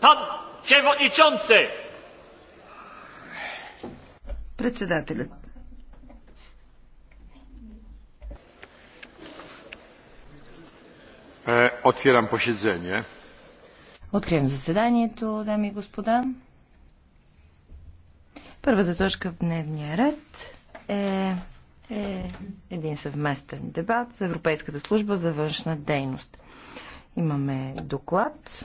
Pan przewodniczący! Председателят. Е, отвирам посещение. Откривам заседанието, дами и господа. Първата точка в дневния ред е, е един съвместен дебат с Европейската служба за външна дейност. Имаме доклад